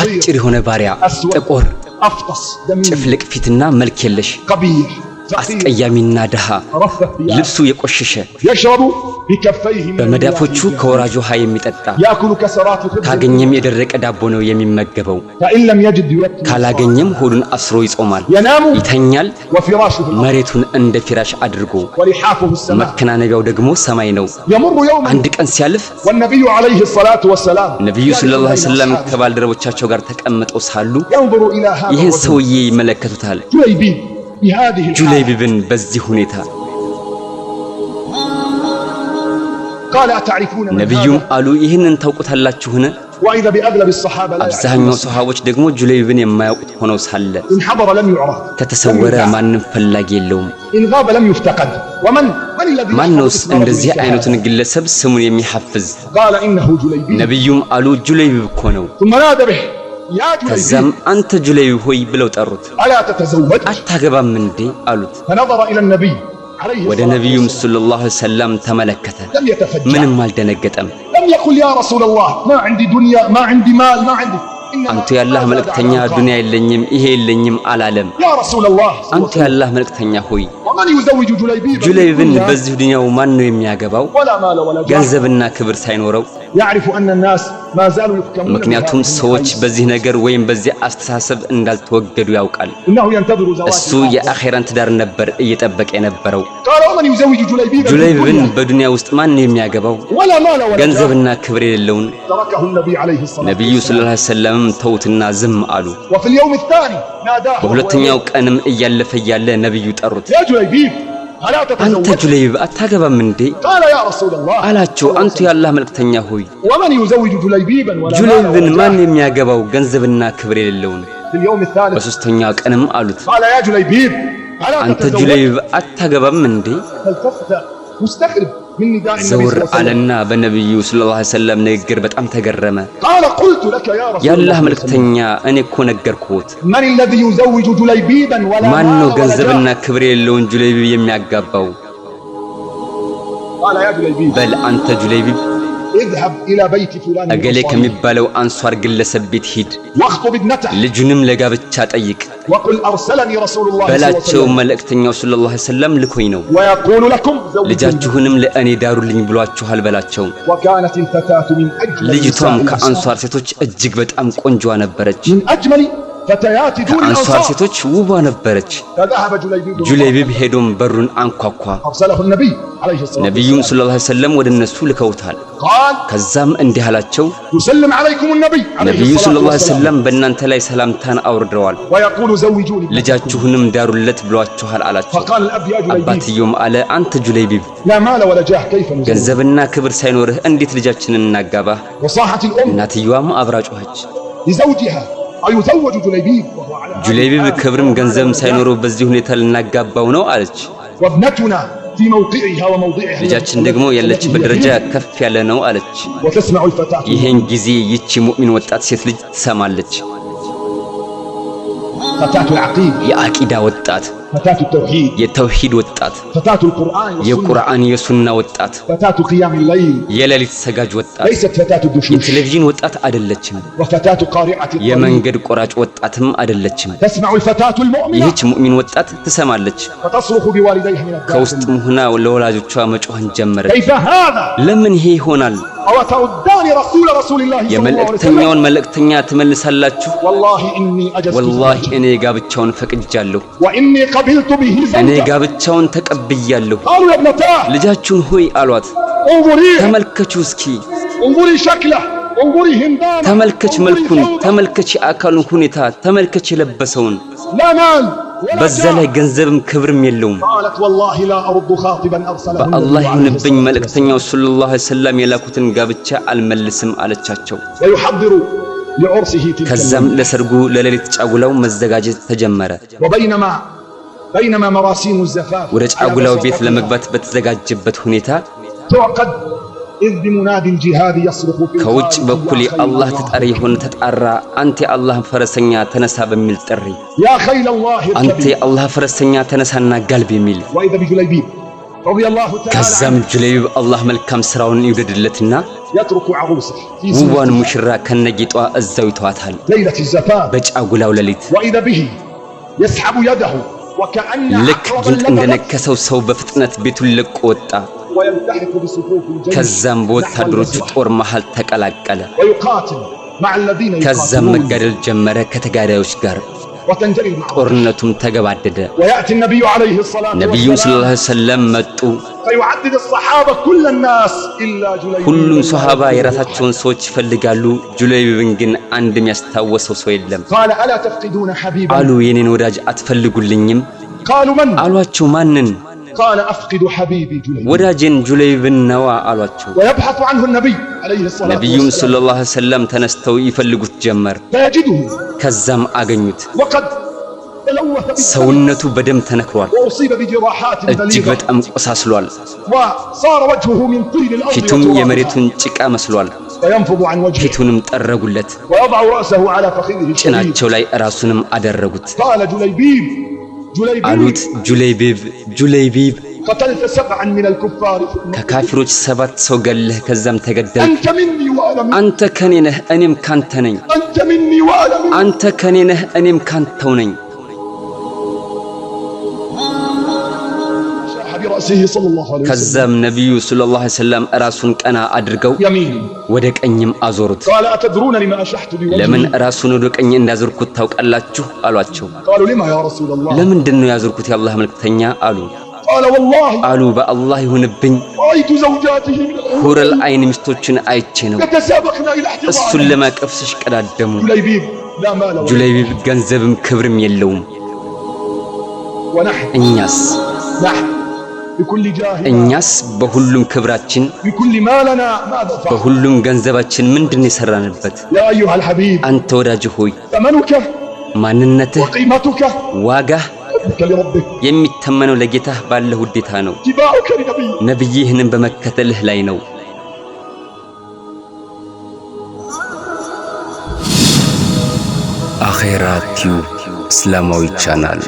አጭር የሆነ ባሪያ፣ ጥቁር ጭፍልቅ ፊትና መልክ የለሽ አስቀያሚና ድሃ ልብሱ የቆሸሸ በመዳፎቹ ከወራጅ ውሃ የሚጠጣ ካገኘም የደረቀ ዳቦ ነው የሚመገበው። ካላገኘም ሆዱን አስሮ ይጾማል፣ ይተኛል። መሬቱን እንደ ፊራሽ አድርጎ መከናነቢያው ደግሞ ሰማይ ነው። አንድ ቀን ሲያልፍ ነቢዩ ሰለላሁ ዐለይሂ ወሰለም ከባልደረቦቻቸው ጋር ተቀምጠው ሳሉ ይህን ሰውዬ ይመለከቱታል። ጁለይቢብን በዚህ ሁኔታ ነቢዩም አሉ ይህንን ታውቁታላችሁን? አብዛኛው ሰሃቦች ደግሞ ጁለይብን የማያውቁት ሆነው ሳለ ከተሰወረ ማንም ፈላጊ የለውም። ማነውስ እንደዚህ አይነቱን ግለሰብ ስሙን የሚሐፍዝ? ነቢዩም አሉ ጁለይብ እኮ ነው። ከዚያም አንተ ጁለይ ሆይ ብለው ጠሩት። አታገባም እንዴ አሉት። ወደ ነቢዩም ሰለላሁ ዐለይሂ ወሰለም ተመለከተ። ምንም አልደነገጠም። አንቱ የአላህ መልእክተኛ ዱንያ የለኝም ይሄ የለኝም አላለም። አንቱ የአላህ መልእክተኛ ሆይ ጁለይብን በዚሁ ዱንያው ማን ነው የሚያገባው? ገንዘብና ክብር ሳይኖረው ምክንያቱም ሰዎች በዚህ ነገር ወይም በዚህ አስተሳሰብ እንዳልተወገዱ ያውቃል። እሱ የአኼራን ትዳር ነበር እየጠበቀ የነበረው። ጁለይብን በዱንያ ውስጥ ማን የሚያገባው ገንዘብና ክብር የሌለውን? ነቢዩ ሰለላሁ ዐለይሂ ወሰለም ተውትና ዝም አሉ። በሁለተኛው ቀንም እያለፈ እያለ ነቢዩ ጠሩት። አንተ ጁለይብ አታገባም እንዴ አላቸው። አንቱ የአላህ መልእክተኛ ሆይ ጁለይብን ማን የሚያገባው ገንዘብና ክብር የሌለውን? በሦስተኛ ቀንም አሉት አንተ ጁለይብ አታገባም እንዴ ዘውር አለና በነቢዩ ሰለላሁ ዐለይሂ ወሰለም ንግግር በጣም ተገረመ። የአላህ መልክተኛ እኔ እኮ ነገርኩት። ማን ነው ገንዘብና ክብር የለውን ጁለይቢብ የሚያጋባው? በል አንተ ጁለይቢብ እገሌ ከሚባለው አንሷር ግለሰብ ቤት ሂድ፣ ልጁንም ለጋብቻ ጠይቅ በላቸው። መልእክተኛው ሰለላሁ ዐለይሂ ወሰለም ልኮኝ ነው፣ ልጃችሁንም ለእኔ ዳሩልኝ ብሏችኋል በላቸው። ልጅቷም ከአንሷር ሴቶች እጅግ በጣም ቆንጆዋ ነበረች። ከአንሷር ሴቶች ውቧ ነበረች። ጁለይቢብ ሄዶም በሩን አንኳኳ። ነቢዩም ሰለላሁ ዐለይሂ ወደ እነሱ ልከውታል። ከዛም እንዲህ አላቸው፣ ነቢዩ ሰለላሁ ዐለይሂ በእናንተ ላይ ሰላምታን አውርደዋል፣ ልጃችሁንም ዳሩለት ብሏችኋል አላቸው። አባትየውም አለ፣ አንተ ጁለይቢብ ገንዘብና ክብር ሳይኖርህ እንዴት ልጃችንን እናጋባህ? እናትየዋም አብራ ጮኸች። ጁለይቢብ ክብርም ገንዘብም ሳይኖረው በዚህ ሁኔታ ልናጋባው ነው አለች። ልጃችን ደግሞ ያለችበት ደረጃ ከፍ ያለ ነው አለች። ይህን ጊዜ ይቺ ሙእሚን ወጣት ሴት ልጅ ትሰማለች። የአቂዳ ወጣት፣ የተውሂድ ወጣት፣ የቁርአን የሱና ወጣት፣ የሌሊት ሰጋጅ ወጣት፣ የቴሌቪዥን ወጣት አደለችም። የመንገድ ቆራጭ ወጣትም አይደለችም ይህች ሙእሚን ወጣት ትሰማለች። ከውስጥም ሆና ለወላጆቿ መጮኸን ጀመረች። ለምን ይሄ ይሆናል? የመልእክተኛውን መልእክተኛ ትመልሳላችሁ። ወላሂ እኔ ጋብቻውን ፈቅጃለሁ፣ እኔ ጋብቻውን ተቀብያለሁ። ልጃችሁን ሆይ አሏት፣ ተመልከቹ እስኪ ተመልከች መልኩን፣ ተመልከች የአካሉን ሁኔታ፣ ተመልከች የለበሰውን በዛ ላይ ገንዘብም ክብርም የለውም። በአላህ ይሁንብኝ መልእክተኛው ሰለላሁ ዐለይሂ ወሰለም የላኩትን ጋብቻ አልመልስም አለቻቸው። ከዛም ለሰርጉ ለሌሊት ጫጉላው መዘጋጀት ተጀመረ። ወደ ጫጉላው ቤት ለመግባት በተዘጋጀበት ሁኔታ ከውጭ በኩል የአላህ ተጣሪ የሆነ ተጣራ፣ አንተ የአላህ ፈረሰኛ ተነሳ በሚል ጥሪ፣ አንተ የአላህ ፈረሰኛ ተነሳና ጋልብ የሚል ከዛም ጁለይብ አላህ መልካም ስራውን ይውደድለትና ውቧን ሙሽራ ከነጌጧ እዛው ይተዋታል። በጫጉላው ሌሊት ልክ ጊንጥ እንደነከሰው ሰው በፍጥነት ቤቱን ለቆ ወጣ። ከዛም በወታደሮቹ ጦር መሃል ተቀላቀለ። ከዛም መጋደል ጀመረ ከተጋዳዮች ጋር። ጦርነቱም ተገባደደ። ነቢዩም ሰለላሁ ዐለይሂ መጡ። ሁሉም ሶሃባ የራሳቸውን ሰዎች ይፈልጋሉ። ጁለይብን ግን አንድም ያስታወሰው ሰው የለም። አሉ የኔን ወዳጅ አትፈልጉልኝም? አሏቸው ማንን? ቃለ አፍቂዱ ሐቢቢ ጁለይብ ወዳጄን ጁለይብን ነዋ አሏቸው። ወየብሐቱ አንሁ ነቢይ ነቢዩም ሰለላሁ ዐለይሂ ወሰለም ተነስተው ይፈልጉት ጀመር። ፈየጅዱሁ ከዛም አገኙት። ወቀድ ሰውነቱ በደም ተነክሯል። እጅግ በጣም ቆሳስሏል። ፊቱም የመሬቱን ጭቃ መስሏል። ፊቱንም ጠረጉለት፣ ጭናቸው ላይ ራሱንም አደረጉት። አሉት። ጁለይቢብ ጁለይቢብ ከካፊሮች ሰባት ሰው ገለህ ከዛም ተገደል። አንተ ከኔ ነህ እኔም ካንተ ነኝ። አንተ ከኔ ነህ እኔም ካንተው ነኝ። ከዛም ነቢዩ ሰለላሁ ዐለይሂ ወሰለም ራሱን ቀና አድርገው ወደ ቀኝም አዞሩት። ለምን ራሱን ወደ ቀኝ እንዳዞርኩት ታውቃላችሁ አሏቸው። ለምንድን ነው ያዞርኩት የአላህ መልክተኛ አሉ። አሉ በአላህ ይሁንብኝ ሁረል አይን ሚስቶችን አይቼ ነው። እሱን ለማቀፍ ሲሽቀዳደሙ ጁለይቢብ ገንዘብም ክብርም የለውም። እኛስ እኛስ በሁሉም ክብራችን በሁሉም ገንዘባችን ምንድን የሰራንበት? አንተ ወዳጅ ሆይ ማንነትህ፣ ዋጋህ የሚተመነው ለጌታህ ባለህ ውዴታ ነው። ነቢይህንም በመከተልህ ላይ ነው። አኼራ ቲዩብ እስላማዊ ቻናል